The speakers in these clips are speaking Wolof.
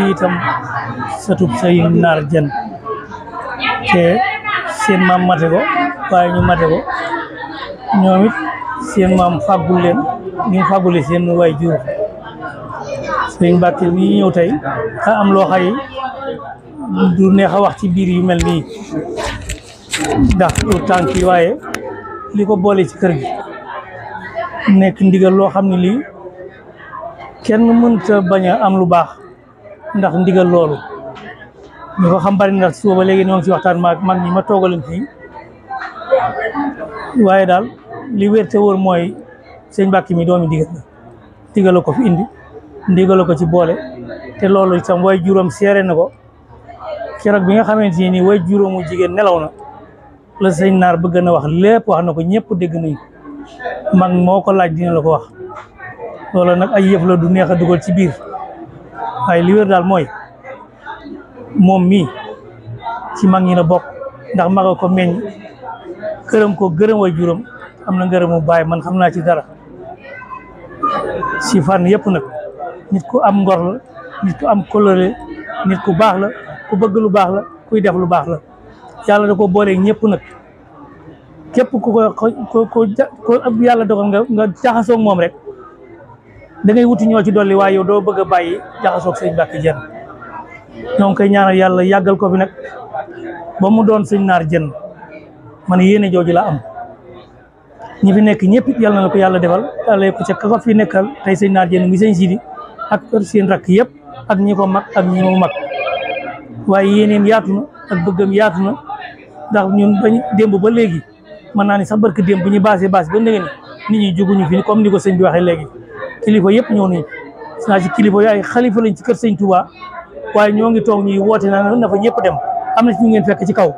bi itam satub sëy naar jën te mam maam mate ko waaye ñu mate ko ñoom it seen maam fa leen ñu fàggule seen waay jur sëriñ Mbàkke mi ñëw tey ha am lo xay du neex a wax ci biir yu mel nii ndax yu tànk yi waaye li ko boole ci kër gi nekk ndigal lo xam ne lii kenn mënta bañ am lu bax ndax ndigal lolu ñu ko xam bari ndax suba ba léegi ñoo ngi ci waxtaan maag man ñi ma toogaleen fii waye dal li wér te moy señ sëñ mi doomi digal la ko fi indi ndigala ko ci boole té lolu itam way juróom séré nako ko keroog bi nga xamanteni ni way juróomu jigen nelaw na la señ nar bëgg na wax lépp wax nako ñepp dégg nañ man moko laaj dina la ko wax lolu nak ay yef la du neexa duggal ci biir waaye li daal mooy moom mi ci mag ñi la bokk ndax maga ko meññ këram ko gërëm way juróom am na ngërëmu baay man xam naa ci dara si fànn yëpp nag nit ku am ngor la nit ku am coloré nit ku baax la ku bëgg lu baax la kuy def lu baax la yàlla da ko boolee ñëpp nag ku ko ko yàlla dogal nga nga jaxasoo moom rek da ngay wuti ñoo ci doli way yow doo bëgg bayyi jaxaso ak sëñ Mbàkke jën ñoo ngi koy ñaanal yalla yagal ko fi nak ba mu doon sëñ nar jën man yene jooju la am ñi fi nekk ñepp yalla nako yalla defal yalla ko ci kafa fi nekkal tay sëñ nar jën mi sëñ Sidi ak seen rak yépp ak ñi ko mak ak ñi mu mak waaye yéeneem yaatu ak bëggam yaatu ndax ñun bañ démb ba léegi man naa ni sax barke démb ñi basé bas ba ni nit ñi ñu fi comme ni ko sëñ bi waxe léegi kilifa yëpp ñoo nañ naa ci kilifa yaay ay xalifa lañ ci kër sëñ Touba waaye ñoo ngi toog ñuy woote na na fa ñëpp dem am na ci ñu ngeen fekk ci kaw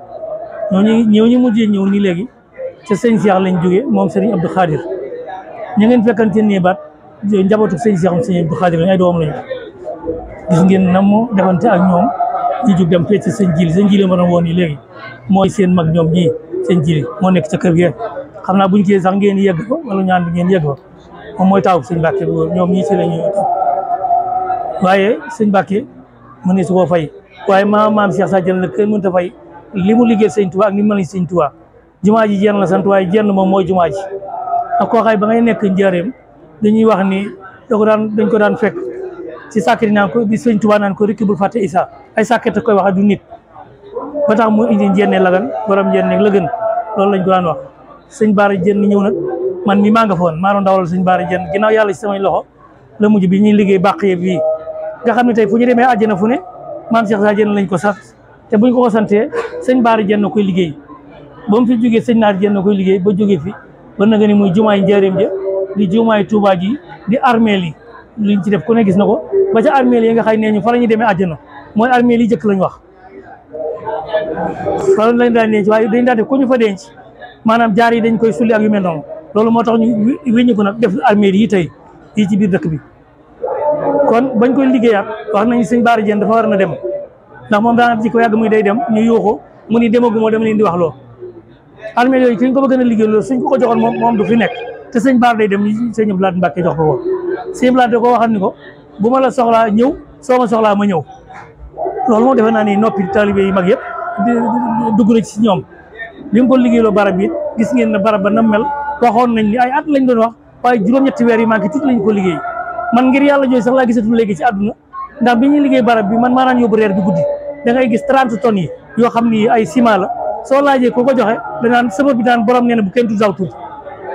ñooñu ñëw ñu mujjee ñëw nii léegi ca sëñ Cheikh lañ jógee moom sëriñ Abdou Khadir ñu ngeen fekkante nii baat njabootu sëñ Cheikh sëñ Abdou Khadir lañ ay doom lañ gis defante ak ñoom ñu jóg dem fecc sëñ Jili sëñ Jili ma doon woon nii léegi mooy seen mag ñoom ñii sëñ Jili moo nekk ca kër gi xam naa buñ cee sax ngeen yegg fa wala ñaan ngeen yegg fa moom mooy taawu sëñ Mbàkke ñoom ñii si la ñuy waaye sëñ Mbàkke mu ne su koo fay waaye maam maam Cheikh Sadio Dieng nag kenn mënut a fay li mu liggéey sëñ Tuubaa ak ni mu ni sëñ Tuubaa jumaa ji jenn la sant waaye jenn moom mooy jumaa ji ak ba ngay nekk njëriñ dañuy wax ni da ko daan dañ ko daan fekk ci sàkket naan ko di sëñ Tuubaa naan ko rikki bul fàtte Isa ay sàkket koy wax du nit ba tax mu indi njenne lagan borom njenne lëgën loolu lañ ko wax sëñ Baara Dieng ñëw nag man mi maa nga foon maa doon dawal suñ baari jën ginnaaw yàlla ci samay loxo la mujj bi ñuy liggéey bàq yëpp yi nga xam ne tey fu ñu demee àjjana fu ne maam Cheikh Sa lañ ko sax te buñ ko santee sëñ baari jën koy liggéey ba mu fi jógee sëñ naar jën koy liggéey ba jógee fi ba na nga ni muy jumaay njaareem ja di jumaay Touba ji di armeel yi liñ ci def ku ne gis na ko ba ca armeel yi nga xay nee ñu fa la ñuy demee àjjana mooy armeel yi jëkk lañ wax fa lañ daan denc waaye dañ daan def ku ñu fa denc maanaam jaar yi dañ koy sulli ak yu loolu moo tax ñu wéññi ko nag def armée yi tey yii ci biir dëkk bi kon bañ koy liggéeyaat wax nañ sëñ Bara jeen dafa war na dem ndax moom daanaka ci ko yàgg muy day dem ñu yuuxu mu ni demaguma dem leen di wax loo armée yooyu ki ñu ko bëgg a liggéey loolu suñ ko ko joxoon moom moom du fi nekk te sëñ Bara day dem ñu sëñ Abdoulaye Mbacke jox ko ko sëñ Abdoulaye da ko ni ko bu ma la soxlaa ñëw soo soxlaa ma ñëw loolu moom defe naa ni noppi taalibe yi mag yëpp dugg na ci ñoom li ko liggéeyloo barab bi gis ngeen ne barab ba nam mel waxon nañ ni ay at lañ doon wax way juroom ñetti wër yi ma ngi tuuti lañ ko liggéey man ngir yalla joy sax laa gisatul liggéey ci aduna ndax biñu liggéey barab bi man ma nañ yobu reer bi guddii da ngay gis 30 tonnes yi yo xamni ay ciment la so laaje ko ko joxe da nan sama bi daan borom neena bu kenn du daw tuuti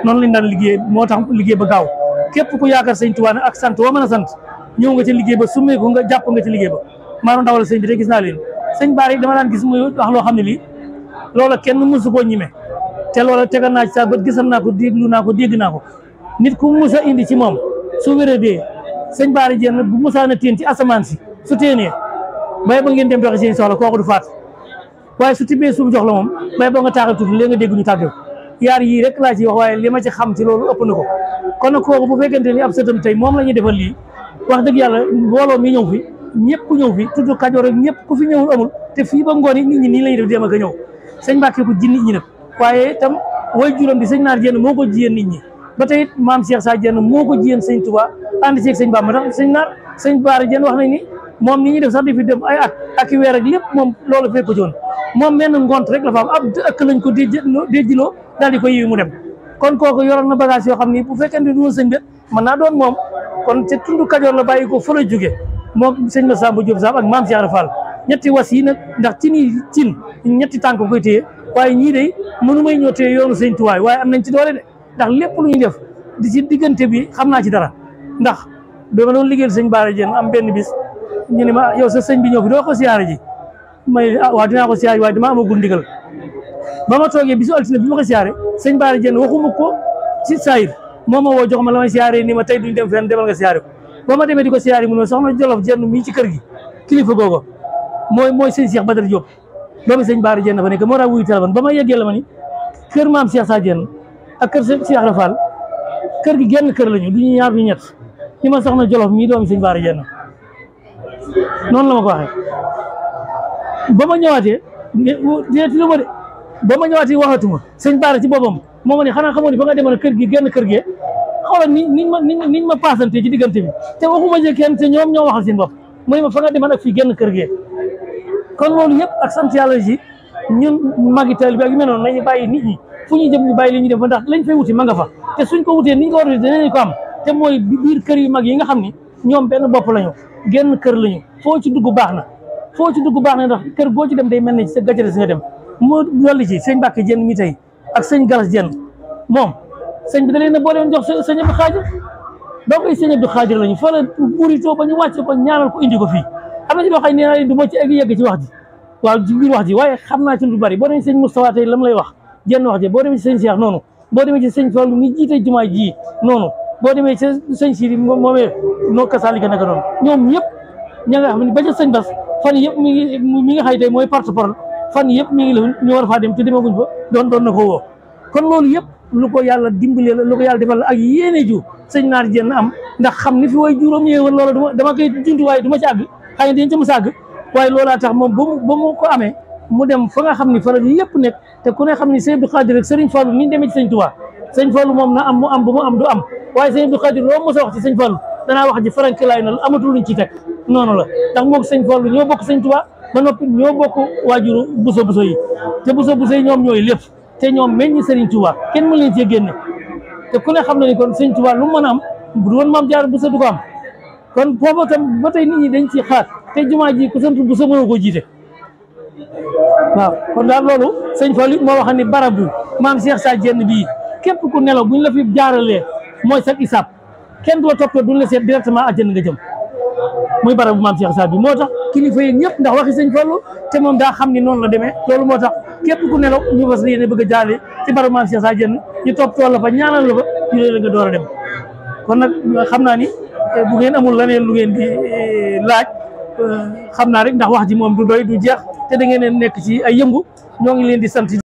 noonu lañ daan liggéey motax liggéey ba gaaw kep ku yaakar sëñ Tuubaa ne ak sante wa mën sante ñew nga ci liggéey ba sumé ko nga japp nga ci liggéey ba maa doon dawal sëñ bi te gis na leen sëñ bari dama daan gis mu wax lo xamni li lii kenn musu ko ñime te loola tegal naa ci saa bët gisal naa ko déglu naa ko dégg naa ko nit ku mus a indi ci moom su wéradee sëñ Bara Diène bu musaan a téen ci asamaan si su téenee bay ba ngeen dem doxi seen soxla kooku du faat waaye su tibbee suuf jox la moom bay ba nga taaxal tuuti léegi nga dégg ñu tàggeeku yaar yii rek laa ci wax waaye li ma ci xam ci loolu ëpp na ko kon nag kooku bu fekkente ni ab sëtam tey moom la ñuy defal lii wax dëgg yàlla mbooloo mi ñëw fi ñëpp ku ñëw fi tudd Kajoor rek ñëpp ku fi ñëwul amul te fii yi nit ñi nii lañuy def dem ak a ñëw sëñ Mbàkke ko jinni ñi nag waaye itam way juróom bi sëñ naar jenn moo ko jiyeen nit ñi ba tey it maam Cheikh saa Jenn moo ko jiyeen sëñ Touba ànd ceeg sëñ Bamba tax sëñ naar sëñ Baara Jenn wax nañ ni moom ni ñuy def sax di fi dem ay at ak i weer ak lépp moom loolu fekk ko ci woon moom menn ngont rek la fa am ab ëkk lañ ko déjjiloo daal di ko yiwi mu dem kon kooku yoroon na bagage yoo xam ni bu fekkente du woon sëñ bi mën naa doon moom kon ca tund Kajoor la bàyyi ko fa la jóge moo sëñ Massamba Diop Samb ak maam Cheikh Fall ñetti yi nag ndax cin yi cin ñetti tànk koy téye waaye ñii de mënu may ñoo tee yoonu sëñ tuwaay waaye am nañ ci doole de ndax lépp lu ñu def di ci diggante bi xam naa ci dara ndax dama doon liggéeyal sëñ Baara Dieng am benn bis ñu ne ma ah, yow sa sëñ bi ñëw fi doo ji may ah waaw dinaa ko siyaare waaye damaa amagul ndigal ba ma toogee bisu altine bi ma ko siyaare sëñ Baara Dieng waxuma ko ci saayir moo ma woo jox ma la may siyaare ni ma tey duñ dem fenn demal nga siyaare ko ba ma demee di ko siyaare mu ne soxna Jolof Dieng mii ci kër gi kilifa googu mooy mooy sëñ Cheikh Badara Diop doomi sëñ Baara Dieng dafa nekk moo tax wuyu téléphone ba ma yeggee la ma kër maam Cheikh Sa Dieng ak kër Cheikh Ibra Fall kër gi genn kër lañu du ñu ñaar ñu ñett ñi ma soxna Jolof mii doomi sëñ Baara Dieng noonu la ma waxee ba ma ñëwaatee déet lu ma de ba ma ñëwaatee waxatuma sëñ Baara ci boppam moo ma ne xanaa xamoo ni ba nga demoon kër gi genn kër gi xoolal ni niñ ma ma paasante ci diggante bi te waxuma je kenn te ñoom ñoo waxal seen bopp mu ne ma fa nga demoon ak fii genn kër gee kon loolu yëpp ak sant yàlla ji ñun magi taalibe ak yu mel noonu nañu bàyyi nit ñi fu ñu jëm ñu bàyyi li ñuy def ba ndax lañ fay wuti ma nga fa te suñ ko wutee ni ñu ko war a dinañ ko te mooy kër yu mag yi nga xam ni ñoom benn bopp lañu genn kër lañu foo ci dugg baax na foo ci dugg baax na ndax kër goo ci dem day mel ne seen gàcce si nga dem moo loolu ci sëñ Mbàkke Jeen mi tey ak sëñ Galas Jeen moom sëñ bi da leen a boole woon jox sëñ Abdu Xaadir donc ay sëñ Abdu Xaadir lañu fa la buuritoo ba ñu wàcce ko ñaanal ko indi ko fii am na ci loo xam ne nee naa du ma ci egg yegg ci wax ji waaw ci biir waaye xam naa ci lu bari boo demee sëñ Moustapha tey lam lay wax jenn wax ji boo demee ci sëñ Cheikh noonu boo demee ci sëñ Fallou mi boo demee ci sëñ Sidi moomee noo kasaalika naka noonu ñoom ñëpp ña nga xam ne ba ca sëñ Bas fan yëpp mi ngi mi nga xay tey mooy porte-parole fan yëpp mi ngi la ñu war faa dem te demaguñ fa doon doon na ko woo kon loolu yëpp lu ko yàlla dimbalee la lu ko yàlla defal la ak yéene ju sëñ naar jenn am ndax xam ni fi way juróom ñëwoon loola duma dama koy juntuwaaye du ma ci àgg xëy na dinañ ci mu sàgg waaye loolaa tax moom ba mu ba mu ko amee mu dem fa nga xam ni fa la nekk te ku ne xam ni sëñ Abdou Khadir rek sëriñ Fallou ni ñu demee ci sëñ Touba sëñ Fallou moom na am mu am ba mu am du am waaye sëñ Abdou Khadir loo mos a wax ci sëñ Fallou danaa wax ji farank laay na amatul luñ ciy teg noonu la ndax moom sëñ Fallou ñoo bokk sëñ Touba ba noppi ñoo bokk waajuru buso buso yi te buso buso yi ñoom ñooy lépp te ñoom meññ sëriñ Touba kenn mën leen cee génne te ku ne xam na ni kon sëñ Touba lu mu mën a am bu woon maam jaar buso du ko am kon bobo tam batay nit ñi dañ ci xaar te juma ji ku sant bu sama ko jité waaw kon daal lolu sëñ Fallu mo wax ni barabu mam Cheikh Sa jenn bi kep ku nelaw buñ la fi jaarale moy sa isaab kenn do topé duñ la sét directement jenn nga jëm muy barabu mam Cheikh Sa bi motax tax kilifa yi ñëpp ndax waxi sëñ Fallu te mom da xam ni noonu la démé lolu motax kep ku nelaw ñu fas yéene bëgg jaalé ci barabu mam Cheikh Sa jenn ñu top tool la fa ñaanal la fa ñu leen nga doora dem kon nak xamna ni bu ngeen amul leneen lu ngeen di eh, laaj euh, xam naa rek ndax wax ji moom du doy du jeex te da ngeen nekk ci ay yëngu ñoo ngi leen di santi